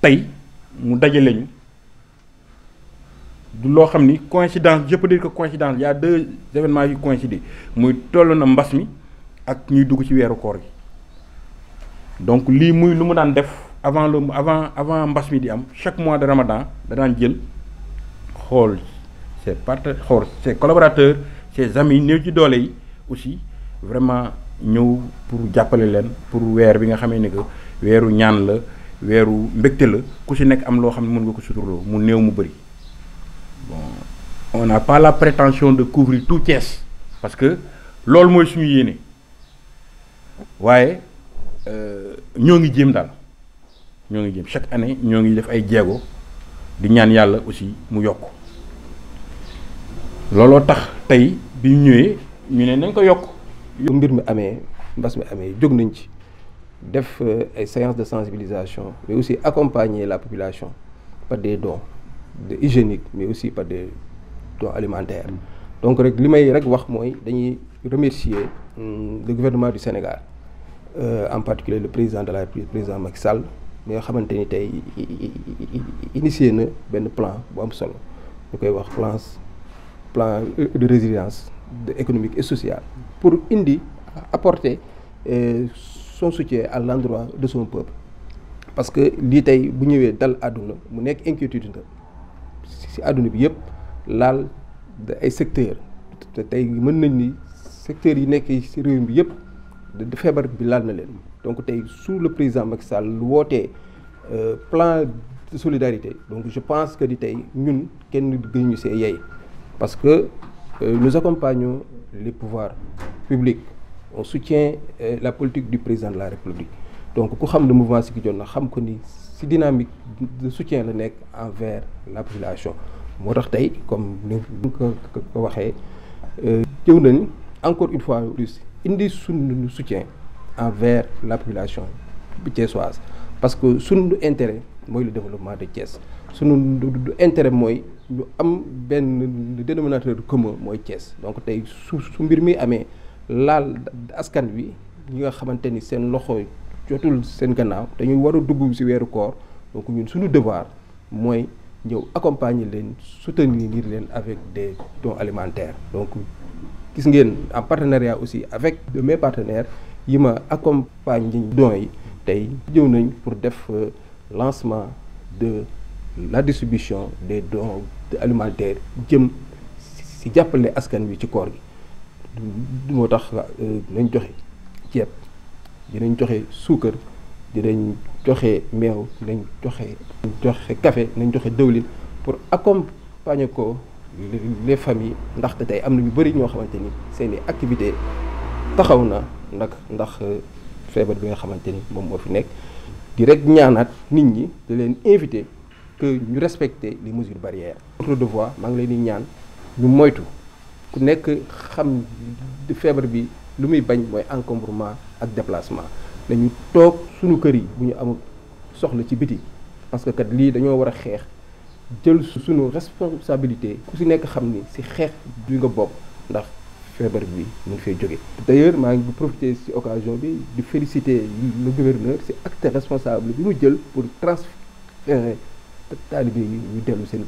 tay mu dajale du lo xamni coïncidence je peux dire que coïncidence il y a deux événements qui coïncidé muy toll na mbas mi ak ñuy dugg ci wéru koor gi donc li muy lu mu daan def avant le avant avant mbas mi di am chaque mois de ramadan da daan jël xol ses partenaires xool ses collaborateurs ses amis ñeu ci doole yi aussi vraiment ñeu pour jappalé len pour weer bi nga xamé ni que weeru ñaan la wéru mbékté la ku ci nekk am loo xam ne mën nga ko suturloo mu néew mu bëri bon on n'a pas la prétention de couvrir tout Thiès parce que loolu mooy suñu yéene waaye euh, ñoo ngi jéem daal ñoo ngi jéem chaque année ñoo ngi def ay jéego di ñaan yàlla aussi mu yokk looloo tax tey bi ñu ñëwee ñu ne nañ ko yokk. mbir mi amee mbas mi amee jóg nañ ci faire des euh, séances de sensibilisation mais aussi accompagner la population par des dons de hygiéniques mais aussi par des dons alimentaires donc rek que je rek remercier mm, le gouvernement du Sénégal euh, en particulier le président de la République président Macky Sall a initié un plan euh, de résilience économique et sociale pour indi apporter son soutien à l'endroit de son peuple parce que l'idée tey bu ñëwee dal àdduna mu nekk inquiétude si àdduna bi yëpp laal ay secteur te tey mën nañ ni secteurs yi nekk de feebar bi na donc sous le président Macky Sall lu wootee euh, plan de solidarité donc je pense que di tey ñun kenn parce que euh, nous accompagnons les pouvoirs publics on soutient euh, la politique du président de la République donc pour xam le mouvement Siggi Jotna xam ko ni dynamique de soutien envers la population Je suis comme ni ko ko encore une fois plus indi suñu soutien envers la population thiessoise parce que un intérêt c'est le développement de Thiès Nous intérêt un le am le dénominateur commun la Thiès donc tey su su mbir mi laal askan wi ñi nga xamante seen loxo seen gannaaw dañuy soutenir avec des dons alimentaires donc gis ngeen en partenariat aussi avec de mes partenaires yi ma accompagner yi pour def euh, lancement de la distribution des dons alimentaires jëm ci jàppale askan wi ci koor moo tax euh, dinañ joxe ceeb dinañ joxe suukar dinañ joxe meew dinañ joxe joxe café dinañ joxe dëwlin pour accompagner ko les familles ndax tay am ñu bari ño xamanteni ni seeni activité taxawna na ndax ndax euh, feebar bi nga xamanteni mom mo fi nek di rek ñaanat nit ñi da leen inviter que ñu respecter les mesures barrières. autre devoir ma ngi leen di ñaan ñu moytu ku nekk xam feebar bi lu muy bañ encombrement ak déplacement dañu toog suñu kër yi soxla ci biti parce que kat lii dañoo war suñu responsabilité ku si xam ni si nga ndax bi d'ailleurs maa ngi si occasion de féliciter le gouverneur si acte responsable pour transférer le yi ñu